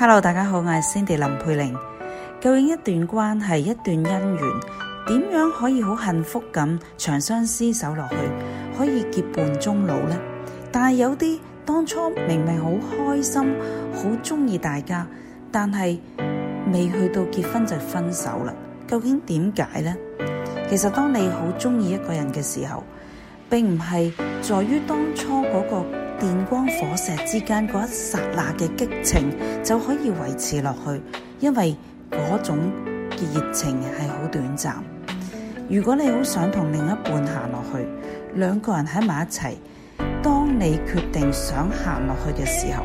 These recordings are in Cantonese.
Hello，大家好，我係 Cindy 林佩玲。究竟一段關係、一段姻緣，點樣可以好幸福咁長相廝守落去，可以結伴終老呢？但係有啲當初明明好開心、好中意大家，但係未去到結婚就分手啦。究竟點解呢？其實當你好中意一個人嘅時候，並唔係在於當初嗰個。電光火石之間嗰一剎那嘅激情就可以維持落去，因為嗰種嘅熱情係好短暫。如果你好想同另一半行落去，兩個人喺埋一齊，當你決定想行落去嘅時候，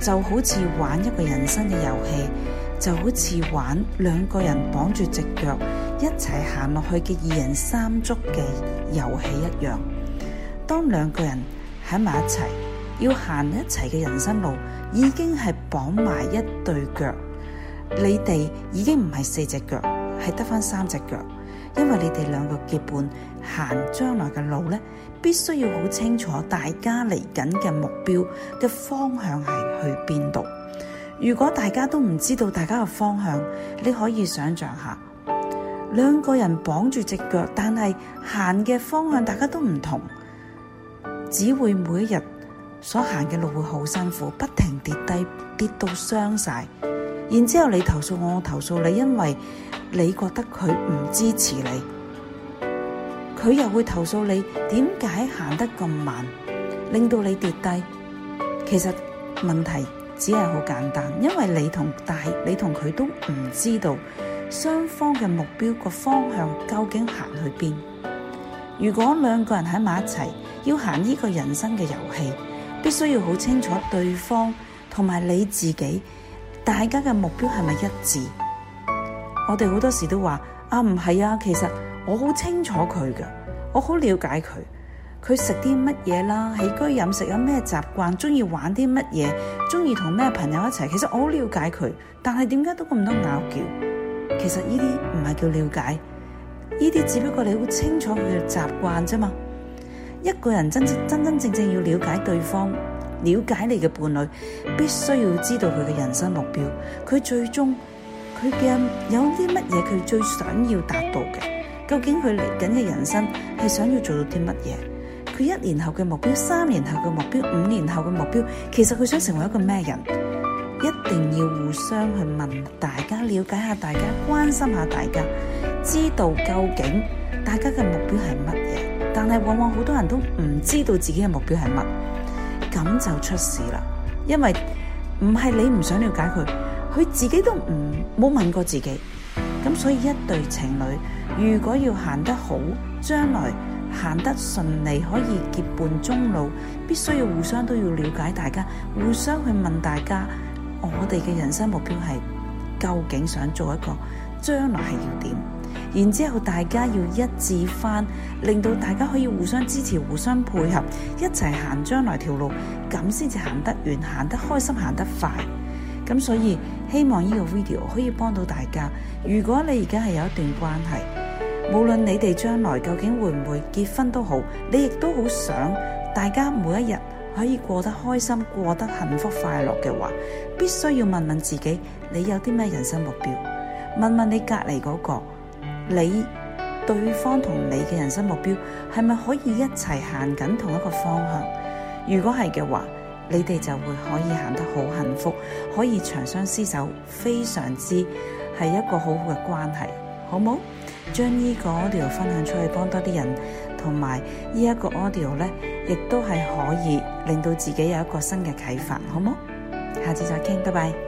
就好似玩一個人生嘅遊戲，就好似玩兩個人綁住隻腳一齊行落去嘅二人三足嘅遊戲一樣。當兩個人喺埋一齊。要行一齊嘅人生路，已經係綁埋一對腳。你哋已經唔係四隻腳，係得返三隻腳。因為你哋兩個結伴行將來嘅路呢，必須要好清楚大家嚟緊嘅目標嘅方向係去邊度。如果大家都唔知道大家嘅方向，你可以想象下，兩個人綁住隻腳，但係行嘅方向大家都唔同，只會每一日。所行嘅路會好辛苦，不停跌低，跌到傷晒。然之後你投訴我，我投訴你，因為你覺得佢唔支持你，佢又會投訴你。點解行得咁慢，令到你跌低？其實問題只係好簡單，因為你同大，你同佢都唔知道雙方嘅目標個方向究竟行去邊。如果兩個人喺埋一齊，要行呢個人生嘅遊戲。必須要好清楚對方同埋你自己，大家嘅目標係咪一致？我哋好多時都話啊，唔係啊，其實我好清楚佢㗎，我好了解佢。佢食啲乜嘢啦，起居飲食有咩習慣，中意玩啲乜嘢，中意同咩朋友一齊。其實我好了解佢，但係點解都咁多拗撬？其實呢啲唔係叫了解，呢啲只不過你好清楚佢嘅習慣啫嘛。一個人真真真正正要了解對方，了解你嘅伴侶，必須要知道佢嘅人生目標。佢最終，佢嘅有啲乜嘢，佢最想要達到嘅？究竟佢嚟緊嘅人生係想要做到啲乜嘢？佢一年後嘅目標，三年後嘅目標，五年後嘅目標，其實佢想成為一個咩人？一定要互相去問大家，了解下大家，關心下大家，知道究竟大家嘅目標係乜？但係往往好多人都唔知道自己嘅目標係乜，咁就出事啦。因為唔係你唔想了解佢，佢自己都唔冇問過自己。咁所以一對情侶如果要行得好，將來行得順利，可以結伴終老，必須要互相都要了解大家，互相去問大家，我哋嘅人生目標係究竟想做一個，將來係要點？然之後大家要一致翻，令到大家可以互相支持、互相配合，一齊行將來條路，咁先至行得遠、行得開心、行得快。咁所以希望呢個 video 可以幫到大家。如果你而家係有一段關係，無論你哋將來究竟會唔會結婚都好，你亦都好想大家每一日可以過得開心、過得幸福、快樂嘅話，必須要問問自己，你有啲咩人生目標？問問你隔籬嗰個。你對方同你嘅人生目標係咪可以一齊行緊同一個方向？如果係嘅話，你哋就會可以行得好幸福，可以長相廝守，非常之係一個好好嘅關係，好冇？將呢個 audio 分享出去，幫多啲人，同埋呢一個 audio 呢，亦都係可以令到自己有一個新嘅啟發，好冇？下次再傾，拜拜。